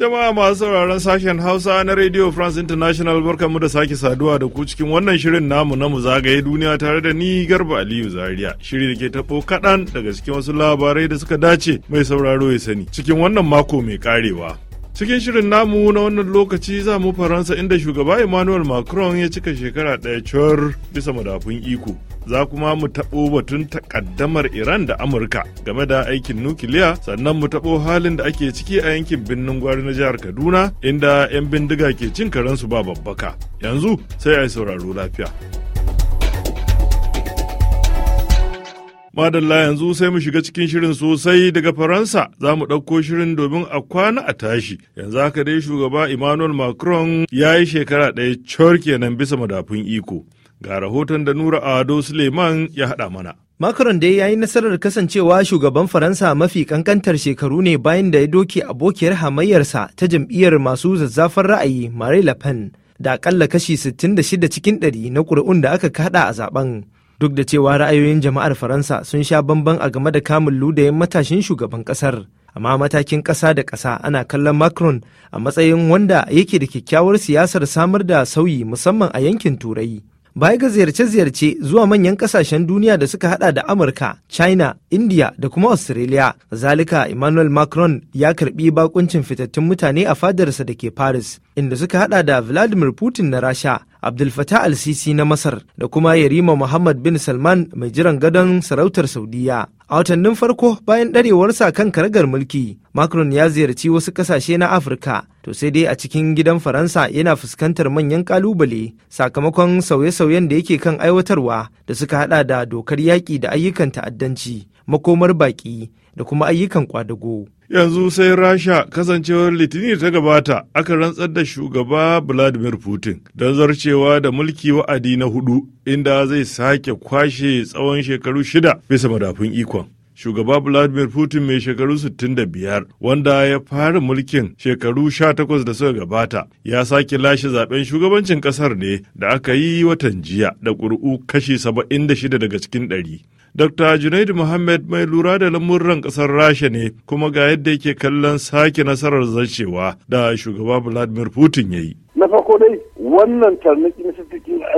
Jama'a masu sauraron sashen Hausa na Radio France International mu da sake saduwa da ku cikin wannan shirin namu na mu zagaye duniya tare da ni Garba Aliyu Zaria. Shiri da ke tabo kaɗan daga cikin wasu labarai da suka dace mai sauraro ya sani cikin wannan mako mai karewa. Cikin shirin namu na wannan lokaci za mu Faransa inda shugaba Emmanuel Macron ya cika shekara ɗaya cewar bisa madafun iko. Za kuma mu taɓo batun takaddamar Iran da Amurka game da aikin nukiliya sannan mu taɓo halin da ake ciki a yankin birnin gwari na jihar Kaduna inda 'yan bindiga ke cin karensu ba babbaka. Yanzu sai a yi sauraro lafiya. Madalla yanzu sai mu shiga cikin shirin sosai daga Faransa za mu ɗauko shirin domin a kwana a tashi. Yanzu haka dai shugaba Emmanuel Macron ya yi shekara ɗaya cor kenan bisa madafun iko. Ga rahoton da Nura Ado Suleiman ya haɗa mana. Macron dai ya yi nasarar kasancewa shugaban Faransa mafi kankantar shekaru ne bayan da ya doke abokiyar hamayyarsa ta jam'iyyar masu zazzafar ra'ayi Marie Le Pen da akalla kashi 66 cikin 100 na ƙuri'un da aka kada a zaben. duk da cewa ra'ayoyin jama'ar faransa sun sha bamban a game da kamun ludayin matashin shugaban kasar amma matakin ƙasa da ƙasa ana kallon macron a matsayin wanda yake da kyakkyawar siyasar samar da sauyi musamman a yankin turai Baya ga ziyarce-ziyarce zuwa manyan kasashen duniya da suka hada da Amurka, China, India da kuma Australia. Zalika Emmanuel Macron ya karbi bakuncin fitattun mutane a fadarsa da ke Paris, inda suka hada da Vladimir Putin na Rasha, Abdul Fattah al-Sisi na Masar da kuma Yarima Muhammad bin Salman mai jiran gadon sarautar Saudiya. A watannin farko bayan ɗarewarsa kan karagar mulki, Macron ya ziyarci wasu ƙasashe na Afirka, to sai dai a cikin gidan Faransa yana fuskantar manyan ƙalubale sakamakon sauye-sauyen da yake kan aiwatarwa da suka hada da dokar yaƙi da ayyukan ta'addanci, makomar baƙi da kuma ayyukan ƙwadago. yanzu sai rasha kasancewar litinin ta gabata aka rantsar da shugaba vladimir putin don zarcewa da mulki wa'adi na hudu inda zai sake kwashe tsawon shekaru shida bisa madafun ikon shugaba vladimir putin mai shekaru 65 wanda ya fara mulkin shekaru 18 da suka gabata ya sake lashe zaben shugabancin kasar ne da aka yi watan jiya da ƙuri'u kashi 76 daga cikin ɗari. Dr. Junaidu Muhammad mai lura da lamurran ƙasar Rasha ne kuma ga yadda yake kallon sake nasarar zarcewa da shugaba Vladimir Putin ya yi. Na farko dai wannan tarnaki na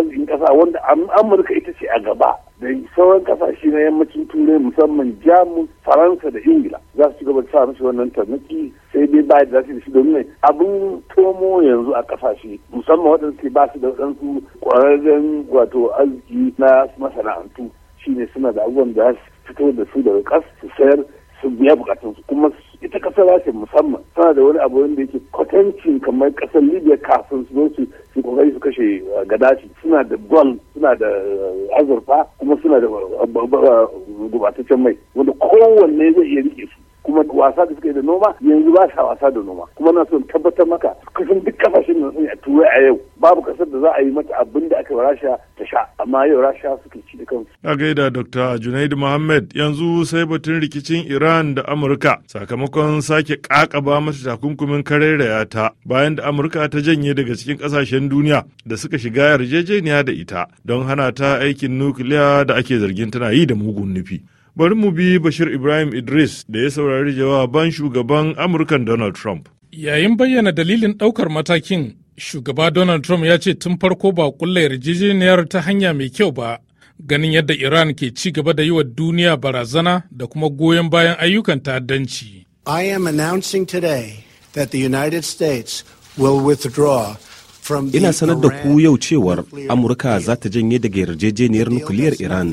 arzikin kasa wanda Amurka ita ce a gaba da sauran kasashe na yammacin Turai musamman Jamus, Faransa da Ingila za su gaba sa musu wannan tarnaki sai dai ba da su da shi domin abin tomo yanzu a ƙasashe musamman waɗanda ke ba su da waɗansu ƙwararren wato arziki na masana'antu. shine suna da abubuwan da su fito da su daga kas su sayar su biya bukatun su kuma ita kasar rasha musamman tana da wani abu wanda yake kwatancin kamar kasar libya kafin su zo su su kokari su kashe uh, gadashi suna da gol suna da uh, azurfa kuma suna da uh, gubataccen mai wanda kowanne zai iya rike su kuma wasa da suka yi da noma yanzu ba sa wasa da noma kuma na son tabbatar maka kusan duk kasashen nan a turai a yau babu kasar da za a yi mata abin da aka rasha rasha amma yau rasha suke ci da kansu a gaida dr junaid muhammad yanzu sai batun rikicin iran da amurka sakamakon sake kakaba mata takunkumin karairaya ta bayan da amurka ta janye daga cikin kasashen duniya da suka shiga yarjejeniya da ita don hana ta aikin nukiliya da ake zargin tana yi da mugun nufi bari mu bi bashir ibrahim idris da ya saurari jawaban shugaban amurkan donald trump yayin bayyana dalilin ɗaukar matakin Shugaba Donald Trump ya ce tun farko ba kulla yarjejeniyar ta hanya mai kyau ba ganin yadda Iran ke ci gaba da yi wa duniya barazana da kuma goyon bayan ayyukan ta'addanci. I am announcing today that the United States will withdraw Ina sanar da ku yau cewar Amurka za ta janye daga yarjejeniyar nukiliyar Iran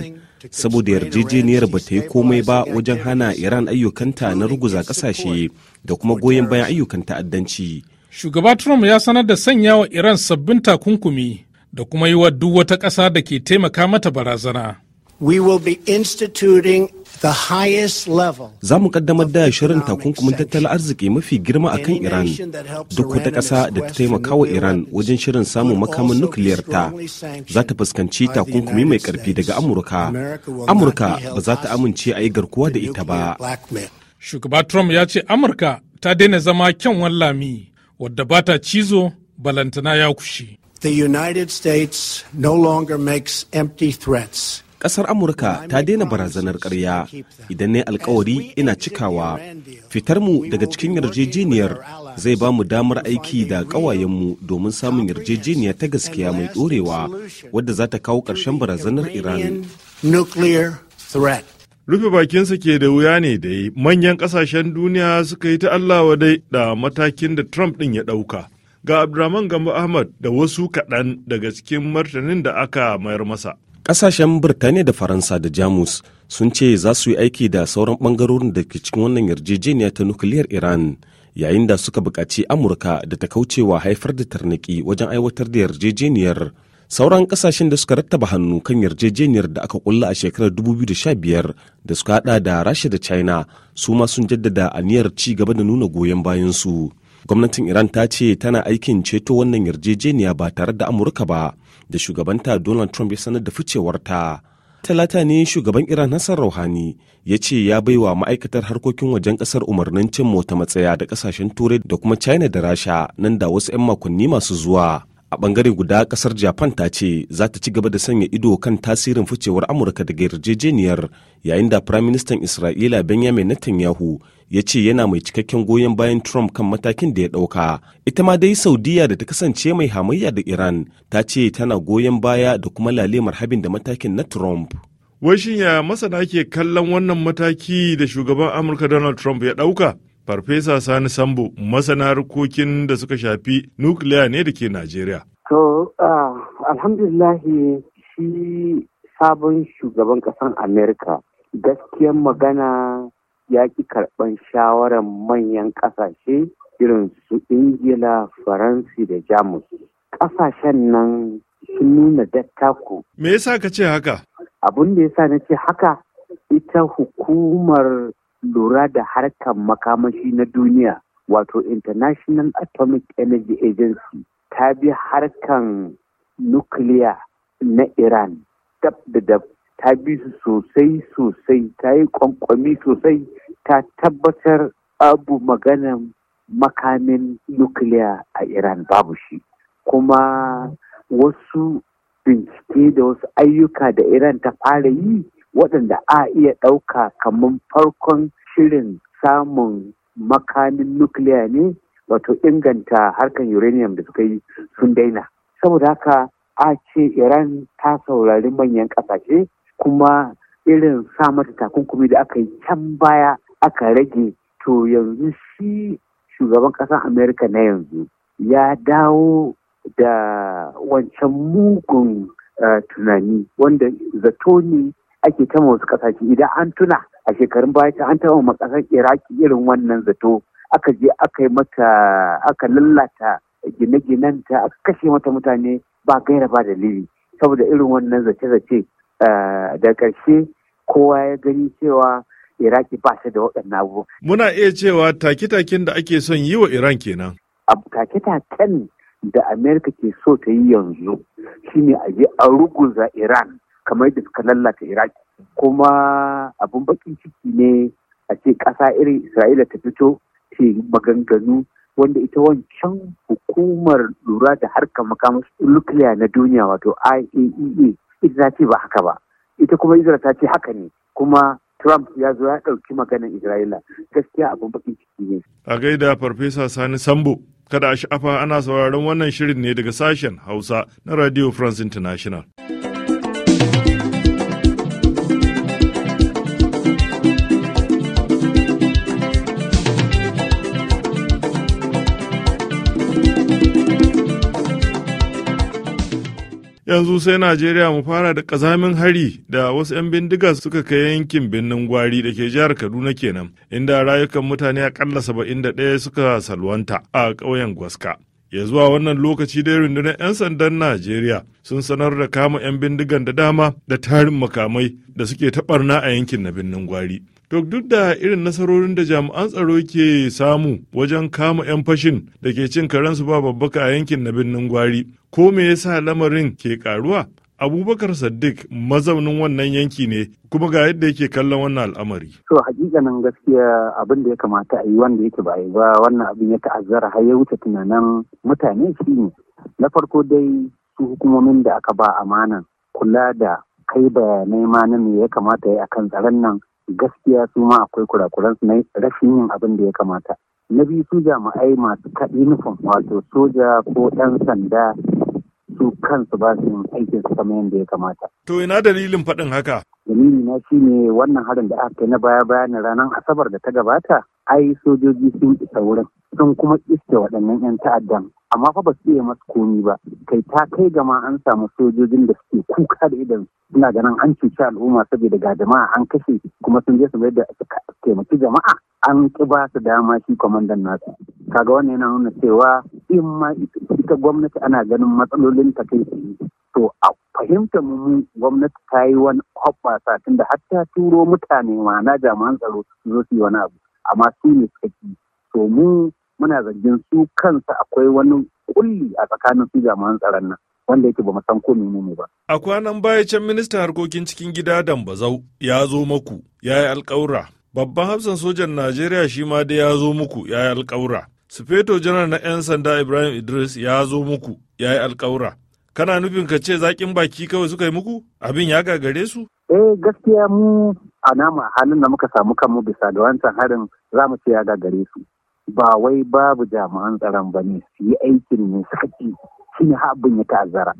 saboda yarjejeniyar ba ta yi komai ba wajen hana Iran ayyukanta na ruguza kasashe da kuma goyon bayan ayyukan ta'addanci. Shugaba Trump ya sanar da sanya wa Iran sabbin takunkumi da kuma yi wa duk wata ƙasa da ke taimaka mata barazana. We will be instituting the highest level. Za mu kaddamar da shirin takunkumin tattalin arziki mafi girma a kan Iran. Duk wata ƙasa da ta taimaka wa Iran wajen shirin samun makamin nukiliyar ta za ta fuskanci takunkumi mai ƙarfi daga Amurka. Amurka ba za ta amince a yi garkuwa da ita ba. Shugaba Trump ya ce Amurka ta daina zama kyan wallami. wadda ba ta cizo balantana ya kushi. The United States no longer makes empty threats. Ƙasar Amurka ta daina barazanar ƙarya idan ne alkawari ina cikawa. Fitarmu daga cikin yarjejeniyar zai ba mu damar aiki da ƙawayenmu domin samun yarjejeniya ta gaskiya mai ɗorewa wadda za ta kawo ƙarshen barazanar Iran. rufe bakinsa ke da wuya ne da manyan kasashen duniya suka yi ta Allah dai da matakin da Trump ɗin ya ɗauka. Ga Abdurrahman Gambo Ahmad da wasu kaɗan daga cikin martanin da aka mayar masa. Ƙasashen Birtaniya da Faransa da Jamus sun ce za su yi aiki da sauran bangarorin da ke cikin wannan yarjejeniya ta nukiliyar Iran yayin da suka bukaci Amurka da ta kaucewa haifar da tarnaki wajen aiwatar da yarjejeniyar. sauran kasashen da suka rattaba hannu kan yarjejeniyar da aka kulla a shekarar 2015 da suka hada da rasha da china su ma sun jaddada aniyar ci gaba da nuna goyon bayan su gwamnatin iran ta ce tana aikin ceto wannan yarjejeniya ba tare da amurka ba da shugabanta donald trump ya sanar da ficewarta talata ne shugaban iran hassan rouhani ya ce ya baiwa ma'aikatar harkokin wajen kasar umarnin cin mota matsaya da kasashen turai da kuma china da rasha nan da wasu 'yan makonni masu zuwa a bangare guda kasar japan ta ce za ta ci gaba da sanya ido kan tasirin ficewar amurka daga yarjejeniyar yayin da prime minister isra'ila benjamin netanyahu ya ce yana mai cikakken goyon bayan trump kan matakin da ya ɗauka ita ma dai saudiya da ta kasance mai hamayya da iran ta ce tana goyon baya da kuma lalemar habin da matakin na trump wai shin ya masana ke kallon wannan mataki da shugaban amurka donald trump ya ɗauka Farfesa Sani Sambo masana harkokin da suka shafi nukiliya ne da ke Najeriya. To, ah, alhamdulillahi shi sabon shugaban ƙasar Amerika gaskiyar magana ya ƙi karɓar shawarar manyan ƙasashe irin su Ingila, Faransi da Jamus. Ƙasashen nan sun nuna dattako. Me yasa ka ce haka? Abin da yasa na ce haka ita hukumar lura da harkar makamashi na duniya wato international atomic energy agency ta bi harkar nukiliya na iran dab da dab ta bi su sosai sosai ta yi kwankwami sosai ta tabbatar abu maganan makamin nukiliya a iran babu shi kuma wasu bincike da wasu ayyuka da iran ta fara yi waɗanda a iya ɗauka kamar farkon shirin samun makamin nukiliya ne wato inganta harkar uranium da suka yi sun daina saboda haka a ce iran ta saurari manyan ƙasashe kuma irin sa mata takunkumi da aka yi can baya aka rage to yanzu shi shugaban ƙasar amerika na yanzu ya dawo da wancan mugun eh, tunani wanda zato ne ake ta wasu kasashe idan an tuna a shekarun baya ta an taba ma kasar iraki irin wannan zato aka je aka yi mata aka lallata gine-ginen ta aka kashe mata mutane ba gaira ba dalili saboda irin wannan zace-zace eh, da karshe kowa ya gani cewa iraki ba shi da waɗannan abubuwa. muna iya cewa take-taken da ake son yi wa iran kenan. take-taken da amerika ke so ta yi yanzu shine a je a ruguza iran kamar da suka lallata Iraq kuma abun bakin ciki ne a ce ƙasa irin isra'ila ta fito ce maganganu wanda ita wancan hukumar lura da harkar makamas nukiliya na duniya wato iaea e ita ce ba haka ba ita kuma izra ta ce haka ne kuma Trump ya zo ya ɗauki maganar Isra'ila gaskiya abun bakin ciki ne. A gaida Farfesa Sani Sambo, kada a sha'afa ana sauraron wannan shirin ne daga sashen Hausa na Radio France International. yanzu sai najeriya mu fara da kazamin hari da wasu 'yan bindiga suka kai yankin birnin gwari da ke jihar kaduna kenan inda rayukan mutane akalla 71 suka salwanta a ƙauyen gwaska ya zuwa wannan lokaci dai rundunar 'yan sandan najeriya sun sanar da kama 'yan bindigan da dama da tarin makamai da suke taɓarna a yankin na birnin gwari duk da irin nasarorin da jami'an tsaro ke samu wajen kama 'yan fashin da ke cin karensu ba babbaka a yankin na birnin gwari, Ko me yasa lamarin ke karuwa? Abubakar Saddiq mazaunin wannan yanki ne kuma ga yadda yake kallon wannan al'amari. To hakikanin gaskiya abin da ya kamata a yi wanda yake ba ba wannan abin ya ta'azzara har ya wuce tunanin mutane shi ne. Na farko dai su hukumomin da aka ba amana kula da kai bayanai ma na me ya kamata ya akan tsaron nan gaskiya su ma akwai kurakuran su na rashin yin abin da ya kamata. Na biyu su jami'ai masu kaɗi nufin wato soja ko ɗan sanda su kansu ba su yin aikin su kamar yadda ya kamata. To ina dalilin faɗin haka? Dalili na shi ne wannan harin da aka na baya baya na ranar Asabar da ta gabata, ai sojoji sun isa wurin sun kuma iske waɗannan 'yan ta'addan amma fa ba su iya masu komi ba kai ta kai gama an samu sojojin da suke kuka da idan suna ganin an cuci al'umma saboda ga jama'a an kashe kuma sun je su mai da suka taimaki jama'a an ki ba su dama shi kwamandan nasu kaga wannan yana nuna cewa in ma ita gwamnati ana ganin matsalolin ta kai tsaye to a fahimta mu gwamnati ta yi wani hoɓɓasa da har ta turo mutane ma na jami'an tsaro su zo su yi wani abu amma su ne suka ki to mu muna zargin su kansa akwai wani kulli a tsakanin su jami'an tsaron nan wanda yake ba san ko menene ba. A kwanan baya can ministan harkokin cikin gida Dambazau ya zo maku ya yi alƙawura Babban hafsan sojan Najeriya shi ma dai ya zo muku ya yi alkawura. Sufeto janar na 'yan sanda Ibrahim Idris ya zo muku ya yi alkawura. Kana nufin ka ce zaƙin baki kawai suka yi muku? Abin ya gagare su? Eh gaskiya mu a nama halin da muka samu kanmu bisa da wancan harin za mu ce ya gagare su. Ba wai babu jami'an tsaron ba ne su yi aikin ne suka ci shi ne abin ya ta'azzara.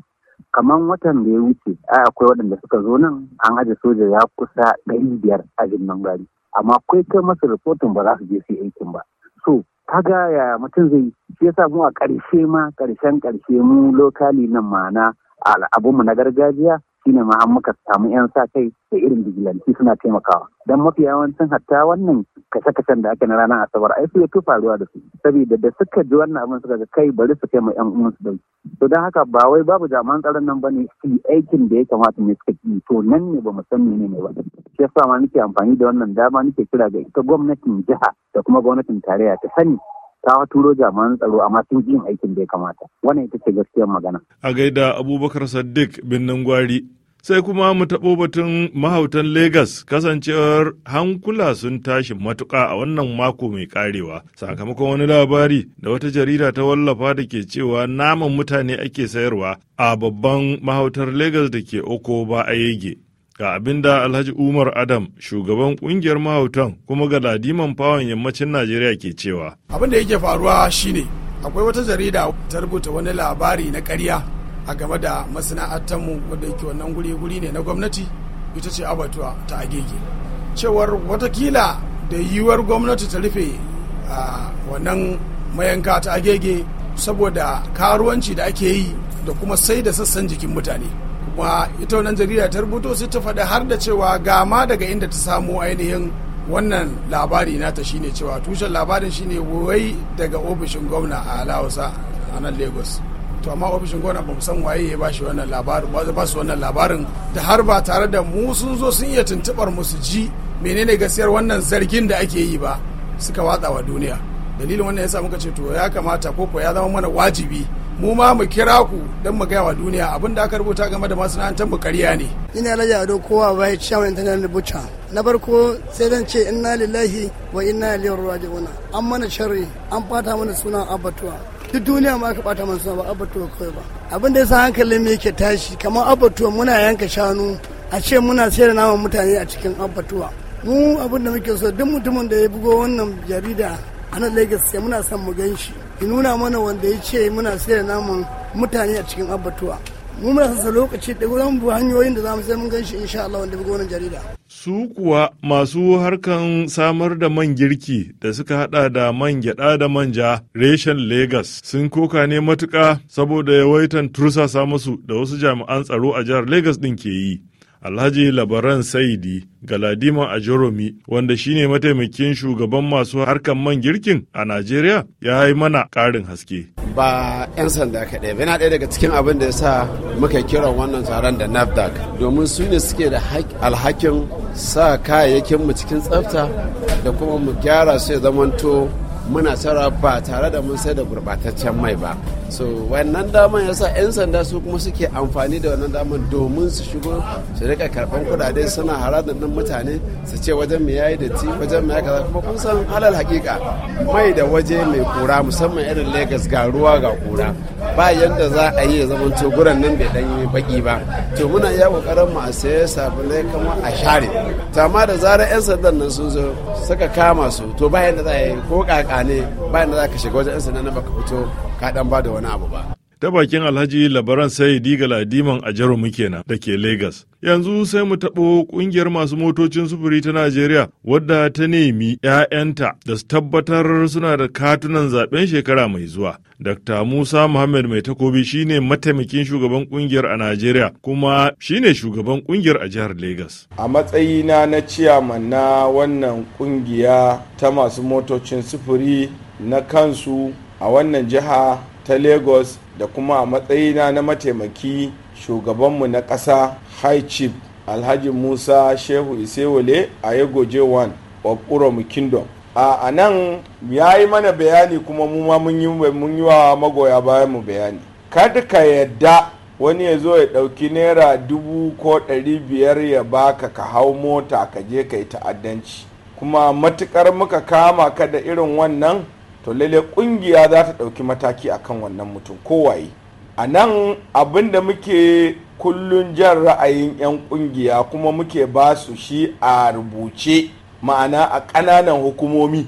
Kamar watan da ya wuce akwai waɗanda suka zo nan an aje soja ya kusa ɗari biyar a jin gari. amma kai kai masa rahoton ba za su je su aikin ba so ga ya mutum zai shi yasa mu a ƙarshe ma ƙarshen ƙarshe mu lokali nan ma'ana al'abunmu na gargajiya shine ma an muka samu yan sa kai da irin vigilanti suna taimakawa dan mafi yawancin hatta wannan kashe-kashen da ake na ranar asabar ai su ya fi faruwa da su saboda da suka ji wannan abin suka ga kai bari su kai ma yan uwan su dauki to dan haka ba wai babu jami'an tsaron nan bane su aikin da ya kamata ne suka yi to nan ne ba mu san menene ba shi yasa ma nake amfani da wannan dama nake kira ga ita gwamnatin jiha da kuma gwamnatin tarayya ta sani ta turo jami'an tsaro amma sun yin aikin da ya kamata wannan ita ce gaskiyar magana a gaida abubakar sadiq binnin gwari sai kuma mu taɓo batun mahautan Legas kasancewar hankula sun tashi matuƙa a wannan mako mai karewa sakamakon wani labari da wata jarida ta wallafa da ke cewa naman mutane ake sayarwa a babban mahautar Legas da ke Oko ba a yege. Ga abin da Alhaji Umar Adam, shugaban kungiyar mahautan kuma ga ladiman fawon yammacin Najeriya ke cewa. Abin da yake faruwa shine akwai wata jarida ta rubuta wani labari na karya a game da masana'antarmu wadda yake wannan guri guri ne na gwamnati ita ce abatuwa ta agege. Cewar watakila da yiwuwar gwamnati ta rufe wannan mayanka ta agege saboda karuwanci da ake yi da kuma sai da sassan jikin mutane. wa ita wannan jarida ta rubuto sai ta faɗi har da cewa gama daga inda ta samu ainihin wannan labari nata shine cewa tushen labarin shine wai daga ofishin gwamna a Hausa a nan Lagos to amma ofishin gwamna ba san waye ya bashi wannan labarin ba ba su wannan labarin da har ba tare da mu sun zo sun iya tuntubar musu ji menene gaskiyar wannan zargin da ake yi ba suka watsa wa duniya dalilin wannan yasa muka ce to ya kamata ko ya zama mana wajibi mu ma mu kira ku don mu gaya wa duniya abin da aka rubuta game da masana'antar mu karya ne. Ina laja ado kowa bai shawin intanet bucha. Na farko sai zan ce inna lillahi wa inna ilaihi raji'un. An mana sharri, an fata mana sunan abatuwa. Duk duniya ma aka bata mana sunan ba abatuwa kawai ba. Abin da ya sa hankalin mu yake tashi kamar abatuwa muna yanka shanu a ce muna sayar naman mutane a cikin abatuwa. Mu abin da muke so duk mutumin da ya bugo wannan jarida a nan Lagos sai muna son mu gan shi ki nuna mana wanda ya ce muna sayar namun mutane a cikin abbatuwa mu muna son sa lokaci da wurin bu hanyoyin da zamu sai mun gan shi insha Allah wanda buga wannan jarida su kuwa masu harkan samar da man girki da suka hada da man gyada da manja reshen Legas sun koka ne matuka saboda yawaitan tursasa musu da wasu jami'an tsaro a jihar Legas din ke yi Alhaji Labaran Saidi Galadima Ajoromi wanda shine mataimakin shugaban masu harkar man girkin a Najeriya ya yi mana karin haske. Ba 'yan sanda kaɗai ba yana ɗaya daga cikin abin da ya sa muka kiran wannan taron da NAFDAC domin su ne suke da alhakin sa kayayyakin mu cikin tsafta da kuma mu gyara su ya zamanto muna sarrafa ba tare da mun sai da gurbataccen mai ba so wannan daman yasa 'yan sanda su kuma suke amfani da wannan daman domin su shigo su rika karban kudade suna haradar nan mutane su ce wajen mu yayi datti wajen mu kaza kuma kun san halal hakika mai da waje mai kura musamman irin Lagos ga ruwa ga kura ba yanda za a yi zaman to guran nan bai dan yi baki ba to muna iya kokarin mu a saye sabulai kamar a share ta da zarar 'yan sandan nan sun zo suka kama su to ba yanda za a yi ko kaka ne bayan da za ka shiga wajen 'yan sanda na baka fito ka dan ba da wani abu ba ta bakin Alhaji Labaran Sayidi ladiman a Jarumu kenan da ke lagos Yanzu sai mu taɓo ƙungiyar masu motocin sufuri ta Najeriya wadda ta nemi 'ya'yanta da su tabbatar suna da katunan zaben shekara mai zuwa. Dr. Musa Muhammad Mai Takobi shine mataimakin shugaban kungiyar a Najeriya kuma shine shugaban kungiyar a jihar lagos. A matsayina na ciyaman na wannan kungiya ta masu motocin sufuri na kansu a wannan jiha ta lagos da kuma a matsayina na mataimaki shugabanmu na ƙasa high chief alhaji musa shehu isewole a yagoje 1 of uromu kingdom a nan ya yi mana bayani kuma mu ma mun yi wa magoya bayan mu bayani kada ka yadda wani ya zo ya ɗauki naira dubu ko ɗari biyar ya baka ka hau mota ka je ka yi ta'addanci kuma matukar muka kama ka da irin wannan to lele kungiya za ta ɗauki mataki a kan wannan mutum kowaye a nan abin da muke kullun jan ra'ayin 'yan kungiya kuma muke ba su shi a rubuce ma'ana a ƙananan hukumomi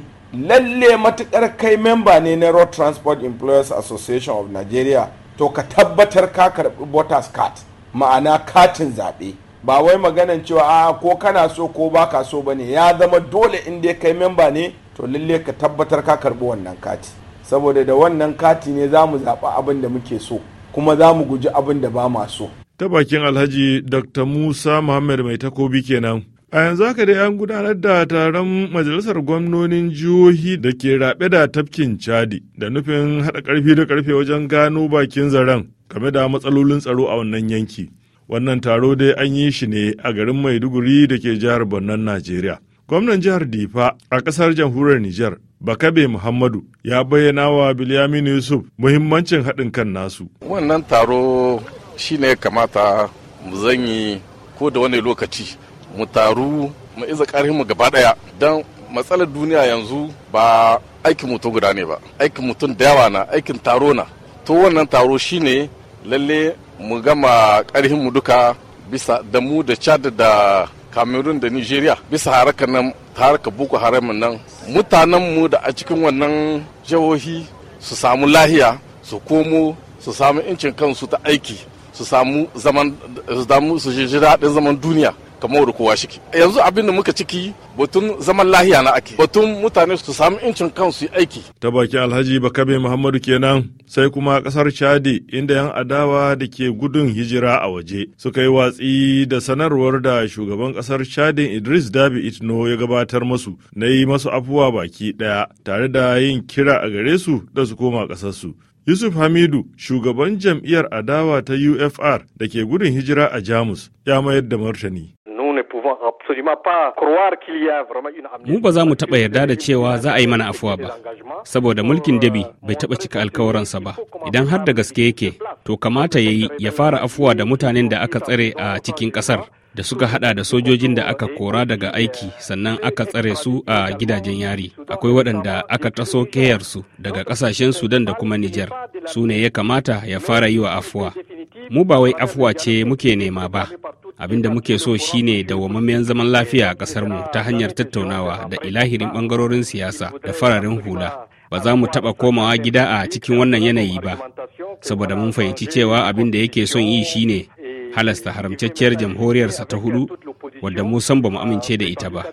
lalle matukar kai memba ne na road transport employers association of nigeria to ka tabbatar ka karɓi voters card ma'ana katin zaɓe ba wai maganan cewa a ko kana so ko baka so bane ya zama dole in kai memba ne to lalle ka tabbatar ka karbi wannan kati saboda da wannan kati ne za mu zaɓi abin da muke so kuma za mu guji abin da ba ma so ta bakin alhaji dr musa muhammad mai takobi kenan a yanzu haka dai an gudanar da taron majalisar gwamnonin jihohi da ke raɓe da tafkin chadi da nufin haɗa ƙarfi da karfe wajen gano bakin zaren game da matsalolin tsaro a wannan yanki wannan taro dai an yi shi ne a garin maiduguri da ke jihar Borno najeriya Gwamnan jihar Difa a ƙasar jamhuriyar Nijar, Bakabe Muhammadu, ya bayyana wa Bilyaminu Yusuf muhimmancin haɗin kan nasu. Wannan taro shi ne kamata mu zanyi ko da wani lokaci mu taru mu iza mu gaba ɗaya don matsalar duniya yanzu ba aikin mutum guda ne ba aikin mutum da yawa na aikin taro na to wannan taro shine lalle mu gama mu duka bisa da mu da chad da cameroon da nigeria bisa harkar nan haraka boko haram nan mu da a cikin wannan jihohi su samu lahiya su komo su samu incin kansu ta aiki su samu zaman su damu daɗin zaman duniya kamar kowa shi yanzu abin da muka ciki batun zaman lahiya na ake batun mutane su samu incin kansu aiki ta baki alhaji bakabe muhammadu kenan sai kuma kasar chadi inda yan adawa da ke gudun hijira a waje suka yi watsi da sanarwar da shugaban kasar chadi idris dabi itno ya gabatar masu na yi masu afuwa baki daya tare da yin kira a gare su da su koma kasarsu Yusuf Hamidu, shugaban jam'iyyar adawa ta UFR da ke gudun hijira a Jamus, ya mayar da martani. Mu ba za mu taɓa yarda da cewa za a yi mana afuwa ba, saboda mulkin Debi bai taɓa cika alkawuransa ba. Idan har da gaske yake, to kamata ya yi ya fara afuwa da mutanen da aka tsare a cikin ƙasar. da suka hada da sojojin da aka kora daga aiki sannan aka tsare su a gidajen yari akwai waɗanda aka taso keyarsu daga ƙasashen sudan da kuma nijar su ne ya kamata ya fara yi wa afuwa mu ba wai afuwa ce muke nema ba abin da muke so shine dawwammamen zaman lafiya a ƙasarmu ta hanyar tattaunawa da ilahirin bangarorin siyasa da fararen hula ba za mu taɓa komawa gida a cikin wannan yanayi ba saboda mun fahimci cewa abin da yake son yi shine halasta haramcacciyar jamhuriyarsa ta hudu wadda mu san ba mu amince da ita ba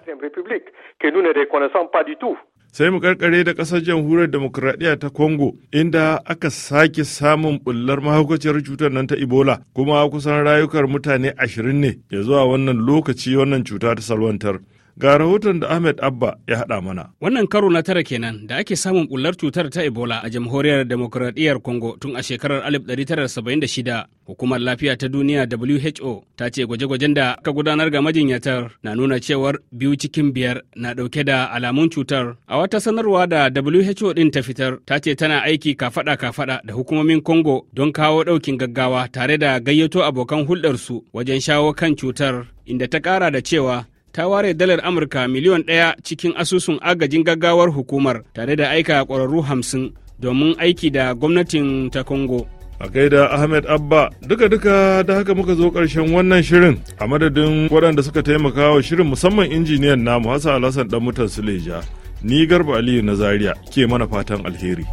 sai mu karkare da kasar jamhuriyar demokuraɗiyya ta congo inda aka sake samun bullar mahaukaciyar cutar nan ta ebola kuma kusan rayukar mutane ashirin ne ya zuwa wannan lokaci wannan cuta ta salwantar Ga rahoton da Ahmed Abba ya haɗa mana. Wannan karo na tara kenan da ake samun bullar cutar ta Ebola a jamhuriyar demokradiyyar Congo tun a shekarar 1976. Hukumar lafiya ta duniya WHO ta ce gwaje-gwajen da aka gudanar ga majinyatar na nuna cewar biyu cikin biyar na ɗauke da alamun cutar. A wata sanarwa da WHO ɗin ta fitar ta ce tana aiki kafaɗa-kafaɗa da hukumomin Congo don kawo ɗaukin gaggawa tare da gayyato abokan hulɗarsu wajen shawo kan cutar inda ta kara da cewa ta ware dalar Amurka miliyon ɗaya cikin asusun agajin gaggawar hukumar tare da aika ƙwararru hamsin domin aiki da gwamnatin ta Congo. a gaida Ahmed Abba duka-duka da haka muka zo ƙarshen wannan shirin a madadin waɗanda suka taimaka wa shirin musamman injiniyan namu Hassan Alhassan dan mutan Suleja ni Garba Aliyu na Zaria ke mana fatan alheri.